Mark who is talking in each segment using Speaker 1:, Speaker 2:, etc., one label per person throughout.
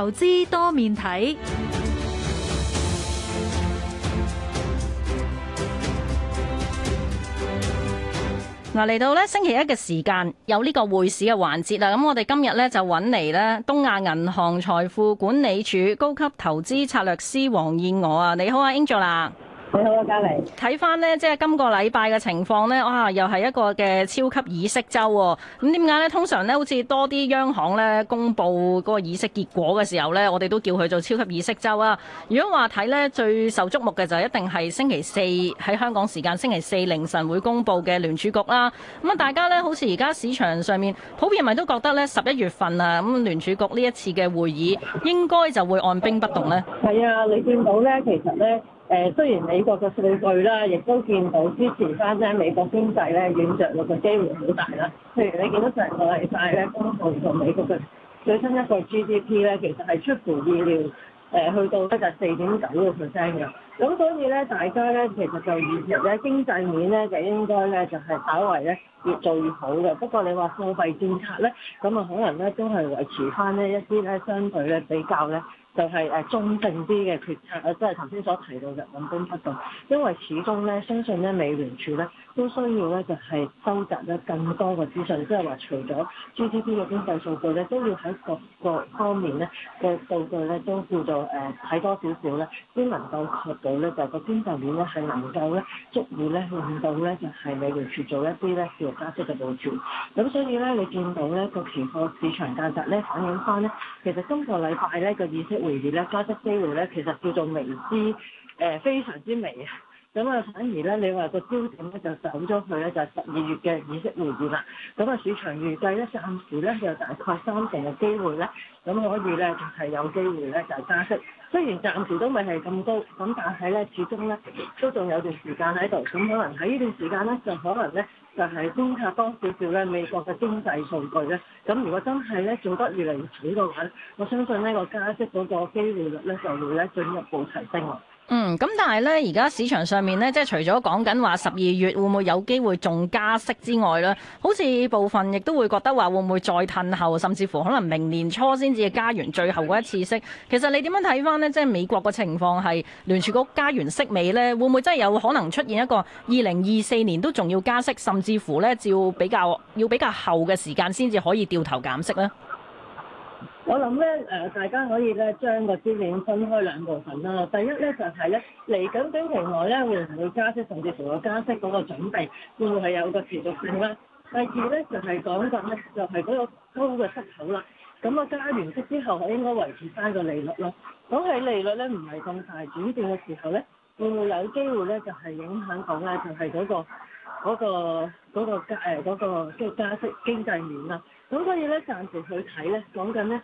Speaker 1: 投資多面睇，嗱嚟到咧星期一嘅時間有呢個匯市嘅環節啦。咁我哋今日呢，就揾嚟咧東亞銀行財富管理處高級投資策略師黃燕娥啊，你好啊，Angela。你好啊，嘉莉。睇翻，呢，即係今個禮拜嘅情況呢，哇，又係一個嘅超級議息周。咁點解呢？通常呢，好似多啲央行呢公布個議息結果嘅時候呢，我哋都叫佢做超級議息周啊。如果話睇呢，最受矚目嘅就一定係星期四喺香港時間星期四凌晨會公布嘅聯儲局啦。咁啊。啊，大家呢，好似而家市場上面普遍咪都覺得呢十一月份，啊，咁聯儲局呢一次嘅會議應該就會按兵不動呢。
Speaker 2: 係啊，你見到呢，其實呢。誒雖然美國嘅數據啦，亦都見到支持翻咧美國經濟咧軟著陸嘅機會好大啦。譬如你見到上個禮拜咧公布咗美國嘅最新一個 GDP 咧，其實係出乎意料，誒去到咧就四點九個 percent 㗎。咁所以咧，大家咧其實就預期咧經濟面咧就應該咧就係稍為咧越做越好嘅。不過你話貨幣政策咧，咁啊可能咧都係維持翻呢一啲咧相對咧比較咧。就係誒中性啲嘅決策，誒即係頭先所提到嘅穩本不動，因為始終咧相信咧美聯儲咧都需要咧就係、是、收集咧更多嘅資訊，即係話除咗 GDP 嘅經濟數據咧，都要喺各個方面咧嘅數據咧都叫做誒睇多少少咧，都、呃、點點能夠確保咧就個經濟面咧係能夠咧足以咧去到咧就係、是、美聯儲做一啲咧叫加息嘅部署。咁、嗯、所以咧你見到咧個期貨市場價格咧反映翻咧，其實今個禮拜咧個議息。利率咧加息機會咧，其實叫做微知，誒、呃、非常之微啊！咁啊，反而咧，你話個焦點咧就上咗去咧，就係十二月嘅議息會議啦。咁啊，市場預計咧，暫時咧就大概三成嘅機會咧，咁可以咧，仲、就、係、係、有機會咧，就加、係、息。雖然暫時都未係咁高，咁但係咧，始終咧都仲有段時間喺度，咁可能喺呢段時間咧，就可能咧就係觀察多少少咧美國嘅經濟數據咧，咁如果真係咧做得越嚟越好嘅話，我相信呢個加息嗰個機會率咧就會咧進一步提升。
Speaker 1: 嗯，咁但係咧，而家市場上面咧，即係除咗講緊話十二月會唔會有機會仲加息之外咧，好似部分亦都會覺得話會唔會再褪後，甚至乎可能明年初先至加完最後嗰一次息。其實你點樣睇翻咧，即係美國嘅情況，係聯儲局加完息尾咧，會唔會真係有可能出現一個二零二四年都仲要加息，甚至乎咧照比較要比較後嘅時間先至可以掉頭減息咧？
Speaker 2: 我諗咧，誒、呃、大家可以咧將個焦點分開兩部分啦。第一咧就係咧嚟緊短期內咧會唔會加息，甚至乎個加息嗰個準備會唔會係有個持續性啦、啊？第二咧就係講緊咧就係、是、嗰、就是、個高嘅息口啦。咁、嗯、啊加完息之後，我應該維持返個利率咯。咁喺利率咧唔係咁大轉變嘅時候咧，會唔會有機會咧就係、是、影響到咧就係、是、嗰、那個嗰、那個嗰、那個即係、那個加，那個、加息經濟面啦？咁、嗯、所以咧暫時去睇咧講緊咧。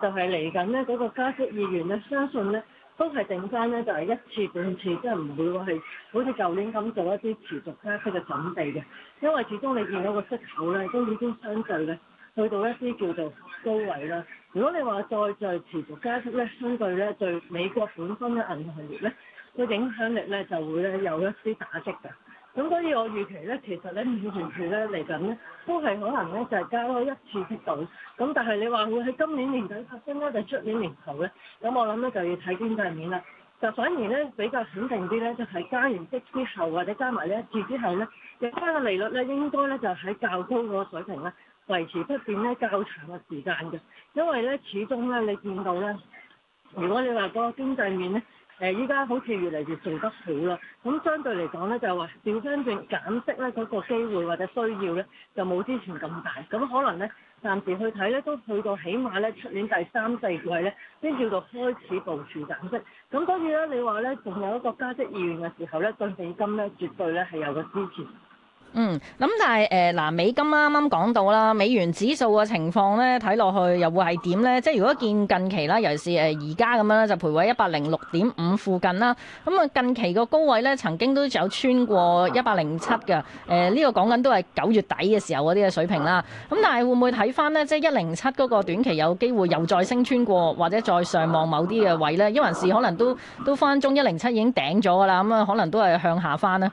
Speaker 2: 就係嚟緊咧，嗰個加息意願咧，相信咧都係定翻咧，就係一次半次，即係唔會話係好似舊年咁做一啲持續加息嘅準備嘅，因為始終你見到個息口咧，都已經相對咧去到一啲叫做高位啦。如果你話再再持續加息咧，相對咧對美國本身嘅銀行業咧個影響力咧就會咧有一啲打擊㗎。咁所以我預期咧，其實咧，完全期咧嚟緊咧，都係可能咧就係加多一次息率。咁但係你話會喺今年年底發生咧，就出、是、年年頭咧？咁我諗咧就要睇經濟面啦。就反而咧比較肯定啲咧，就係、是、加完息之後，或者加埋呢一次之後咧，嘅、那個、利率咧應該咧就喺、是、較高個水平咧維持不變咧較長嘅時間嘅。因為咧始終咧你見到咧，如果你話嗰個經濟面咧。誒，依家好似越嚟越做得好啦，咁相對嚟講咧，就係話少真正減息咧嗰個機會或者需要咧，就冇之前咁大，咁可能咧暫時去睇咧都去到起碼咧出年第三四季咧先叫做開始部署減息，咁所以咧你話咧仲有一個加息意願嘅時候咧，對美金咧絕對咧係有個支持。
Speaker 1: 嗯，咁但係誒嗱，美金啱啱講到啦，美元指數嘅情況咧，睇落去又會係點咧？即係如果見近期啦，尤其是誒而家咁樣咧，就徘徊一百零六點五附近啦。咁、嗯、啊，近期個高位咧，曾經都有穿過一百零七嘅。誒、呃、呢、呢個講緊都係九月底嘅時候嗰啲嘅水平啦。咁、嗯、但係會唔會睇翻呢？即係一零七嗰個短期有機會又再升穿過，或者再上望某啲嘅位咧？抑或是可能都都翻中一零七已經頂咗噶啦？咁、嗯、啊，可能都係向下翻咧？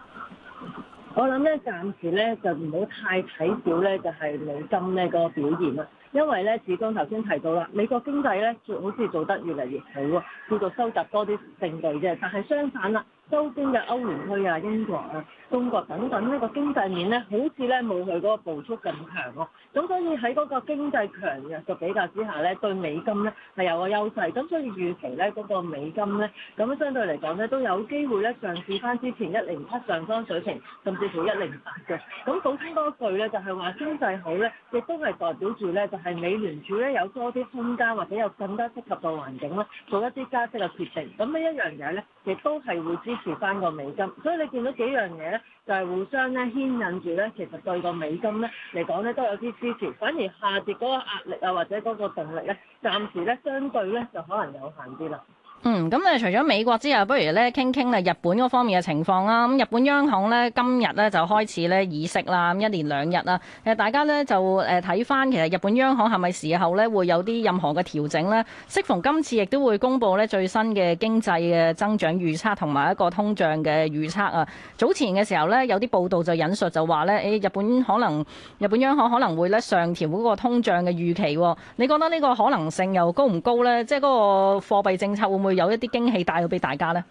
Speaker 2: 我諗咧，暫時咧就唔好太睇少咧，就係美金咧個表現啦。因為咧，子剛頭先提到啦，美國經濟咧做好似做得越嚟越好喎，叫做收集多啲證據啫。但係相反啦。周邊嘅歐元區啊、英國啊、中國等等呢個經濟面咧，好似咧冇佢嗰個步速咁強咯。咁所以喺嗰個經濟強弱嘅比較之下咧，對美金咧係有個優勢。咁所以預期咧嗰個美金咧，咁相對嚟講咧都有機會咧上試翻之前一零七上方水平，甚至乎一零八嘅。咁補充多句咧，就係話經濟好咧，亦都係代表住咧，就係美聯儲咧有多啲空間或者有更加適合嘅環境咧，做一啲加息嘅決定。咁呢一樣嘢咧，亦都係會知。支持翻個美金，所以你見到幾樣嘢咧，就係互相咧牽引住咧，其實對個美金咧嚟講咧都有啲支持，反而下跌嗰個壓力啊或者嗰個動力咧，暫時咧相對咧就可能有限啲啦。
Speaker 1: 嗯，咁、嗯、咧、嗯、除咗美國之外，不如咧傾傾日本嗰方面嘅情況啦。咁、嗯、日本央行咧今日咧就開始咧議息啦，一連兩日啦。誒，大家咧就誒睇翻其實日本央行係咪時候咧會有啲任何嘅調整呢？適逢今次亦都會公布咧最新嘅經濟嘅增長預測同埋一個通脹嘅預測啊。早前嘅時候呢，有啲報道就引述就話呢誒、哎、日本可能日本央行可能會呢上調嗰個通脹嘅預期喎、哦。你覺得呢個可能性又高唔高呢？即係嗰個貨幣政策會唔會？有一啲驚喜帶到俾大家咧。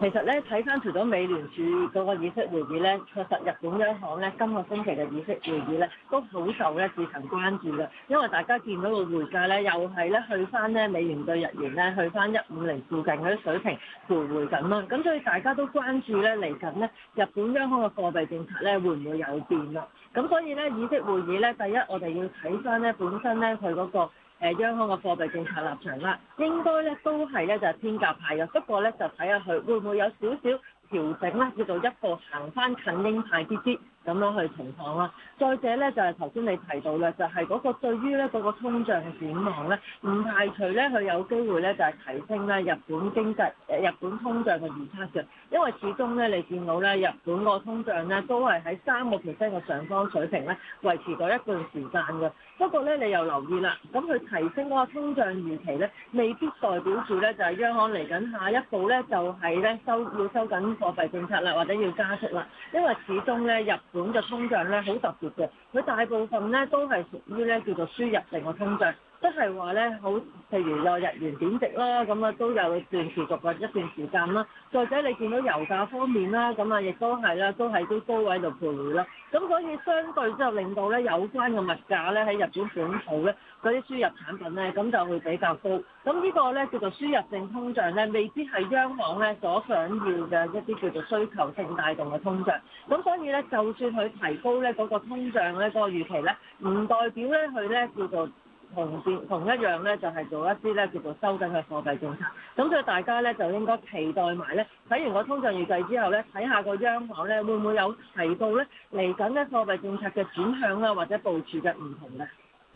Speaker 2: 其實咧睇翻除咗美聯儲嗰個議息會議咧，確實日本央行咧今個星期嘅議息會議咧都好受咧市場關注嘅，因為大家見到個匯價咧又係咧去翻咧美元對日元咧去翻一五零附近嗰啲水平徘徊緊啦，咁所以大家都關注咧嚟緊咧日本央行嘅貨幣政策咧會唔會有變啦？咁所以咧議息會議咧，第一我哋要睇翻咧本身咧佢嗰個。誒央行嘅貨幣政策立場啦，應該咧都係咧就係偏鴿派嘅，不過咧就睇下佢會唔會有少少調整咧叫做一步行翻近鷹派啲啲。咁樣去情況啦。再者咧就係頭先你提到咧，就係、是、嗰個對於咧嗰個通脹展望咧，唔排除咧佢有機會咧就係提升咧日本經濟誒日本通脹嘅預測值，因為始終咧你見到咧日本個通脹咧都係喺三個 percent 嘅上方水平咧維持咗一段時間嘅。不過咧你又留意啦，咁佢提升嗰個通脹預期咧未必代表住咧就係、是、央行嚟緊下，下一步咧就係、是、咧收要收緊貨幣政策啦，或者要加息啦，因為始終咧日本嘅通脹呢，好特別嘅，佢大部分呢，都係屬於呢叫做輸入性嘅通脹。即係話咧，好譬如個日元貶值啦，咁、嗯、啊都有段持續嘅一段時間啦。再者你見到油價方面啦，咁啊亦都係啦，都喺都高位度徘徊啦。咁所以相對之後令到咧有關嘅物價咧喺日本本土咧嗰啲輸入產品咧，咁就會比較高。咁、嗯這個、呢個咧叫做輸入性通脹咧，未必係央行咧所想要嘅一啲叫做需求性帶動嘅通脹。咁、嗯、所以咧，就算佢提高咧嗰、那個通脹咧嗰個預期咧，唔代表咧佢咧叫做。同變同一樣咧，就係、是、做一啲咧叫做收緊嘅貨幣政策。咁所以大家咧就應該期待埋咧睇完個通脹預計之後咧，睇下個央行咧會唔會有提到咧嚟緊嘅貨幣政策嘅轉向啊，或者部署嘅唔同咧。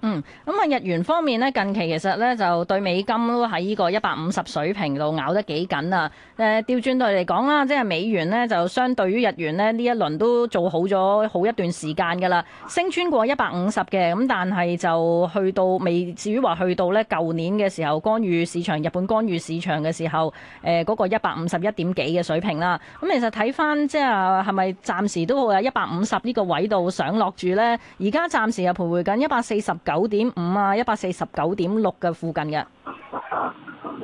Speaker 1: 嗯，咁、嗯、啊日元方面咧，近期其實咧就對美金都喺呢個一百五十水平度咬得幾緊啊！誒、呃，調轉對嚟講啦，即係美元咧就相對於日元咧呢一輪都做好咗好一段時間噶啦，升穿過一百五十嘅，咁但係就去到未至於話去到咧舊年嘅時候乾預市場日本乾預市場嘅時候誒嗰、呃那個一百五十一點幾嘅水平啦。咁、嗯、其實睇翻即係，係咪暫時都會有一百五十呢個位度上落住咧？而家暫時又徘徊緊一百四十九。九點五啊，一百四十九點六嘅附近嘅。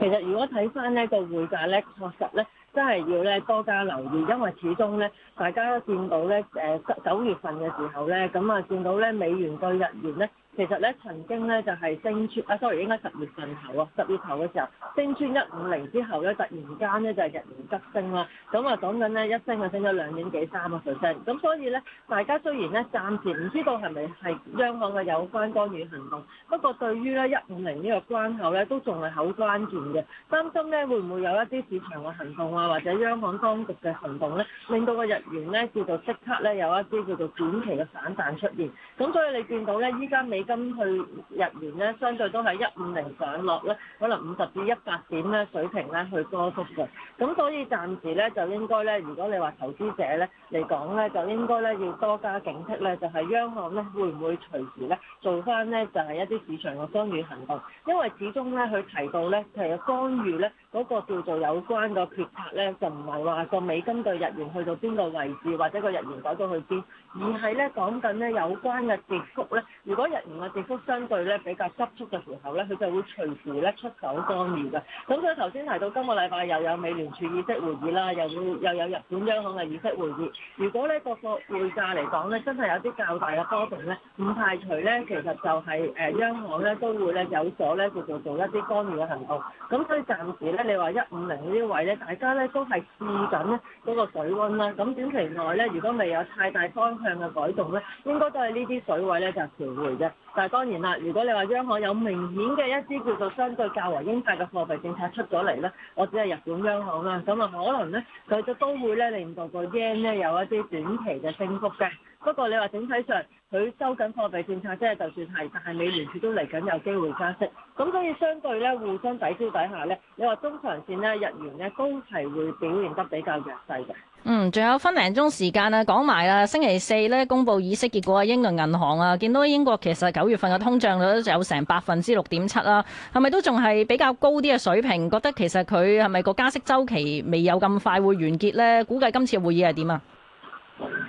Speaker 2: 其實如果睇翻呢個匯價呢，確實呢真係要咧多加留意，因為始終呢大家都見到呢，誒九月份嘅時候呢，咁啊見到呢美元對日元呢。其實咧曾經咧就係、是、升穿啊，sorry 應該十月份頭啊，十月頭嘅時候升穿一五零之後咧，突然間咧就係日元急升啦。咁、嗯、啊，講緊咧一升就升咗兩點幾三個 percent。咁所以咧大家雖然咧暫時唔知道係咪係央行嘅有關干預行動，不過對於咧一五零呢個關口咧都仲係好關鍵嘅，擔心咧會唔會有一啲市場嘅行動啊，或者央行當局嘅行動咧，令到個日元咧叫做即刻咧有一啲叫做短期嘅反彈出現。咁所以你見到咧依家美咁佢日元咧相對都係一五零上落咧，可能五十至一百點咧水平咧去波幅嘅。咁所以暫時咧就應該咧，如果你話投資者咧嚟講咧，就應該咧要多加警惕咧，就係央行咧會唔會隨時咧做翻咧就係一啲市場嘅干預行動？因為始終咧佢提到咧其實干預咧。嗰個叫做有關個決策咧，就唔係話個美金對日元去到邊個位置，或者個日元改到去邊，而係咧講緊咧有關嘅跌幅咧。如果日元嘅跌幅相對咧比較急促嘅時候咧，佢就會隨時咧出手干預㗎。咁所以頭先提到今個禮拜又有美聯儲議息會議啦，又會又有日本央行嘅議息會議。如果咧個個匯價嚟講咧，真係有啲較大嘅波動咧，唔排除咧，其實就係誒央行咧都會咧有所咧叫做做一啲干預嘅行動。咁所以暫時咧。你話一五零呢啲位咧，大家咧都係試緊咧嗰個水溫啦。咁短期內咧，如果未有太大方向嘅改動咧，應該都係呢啲水位咧就調回啫。但係當然啦，如果你話央行有明顯嘅一啲叫做相對較為鷹派嘅貨幣政策出咗嚟咧，我指係日本央行啦，咁啊可能咧佢都都會咧令到個 yen 咧有一啲短期嘅升幅嘅。不過你話整體上佢收緊貨幣政策，即係就算係，但係美元亦都嚟緊有機會加息，咁所以相對咧互相抵消底下咧，你話中長線咧日元咧都係會表現得比較弱勢嘅。
Speaker 1: 嗯，仲有分零鐘時間啦，講埋啦。星期四咧公布議息結果啊，英倫銀行啊，見到英國其實九月份嘅通脹率都有成百分之六點七啦，係咪都仲係比較高啲嘅水平？覺得其實佢係咪個加息周期未有咁快會完結呢？估計今次嘅會議係點啊？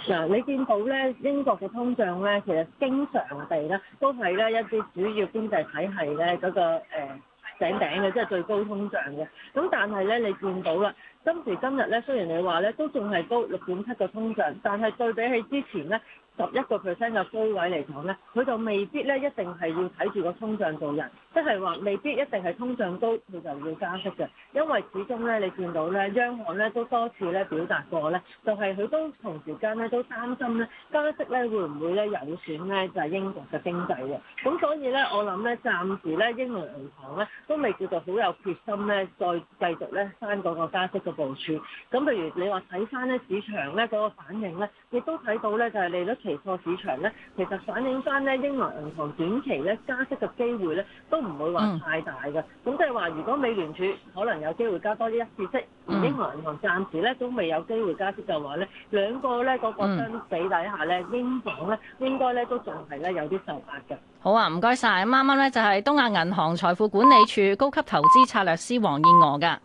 Speaker 2: 嗱，你見到咧英國嘅通脹咧，其實經常地咧都係咧一啲主要經濟體係咧嗰個誒。頂頂嘅，即係最高通脹嘅。咁但係咧，你見到啦，今時今日咧，雖然你話咧都仲係高六點七個通脹，但係對比起之前咧十一個 percent 嘅高位嚟講咧，佢就未必咧一定係要睇住個通脹做人。即係話未必一定係通脹高佢就會加息嘅，因為始終咧你見到咧，央行咧都多次咧表達過咧，就係、是、佢都同時間咧都擔心咧加息咧會唔會咧有損咧就係、是、英國嘅經濟嘅。咁所以咧，我諗咧暫時咧，英倫銀行咧都未叫做好有決心咧，再繼續咧翻嗰個加息嘅部署。咁譬如你話睇翻咧市場咧嗰、那個反應咧，亦都睇到咧就係利率期貨市場咧，其實反映翻咧英倫銀行短期咧加息嘅機會咧都都唔會話太大嘅，咁、嗯、即係話如果美聯儲可能有機會加多啲一次息，而、嗯、英國銀行暫時咧都未有機會加息嘅話咧，兩個咧嗰個相比底下咧，英鎊咧應該咧都仲係咧有啲受壓嘅。
Speaker 1: 好啊，唔該晒。咁啱啱咧就係東亞銀行財富管理處高級投資策略師黃燕娥嘅。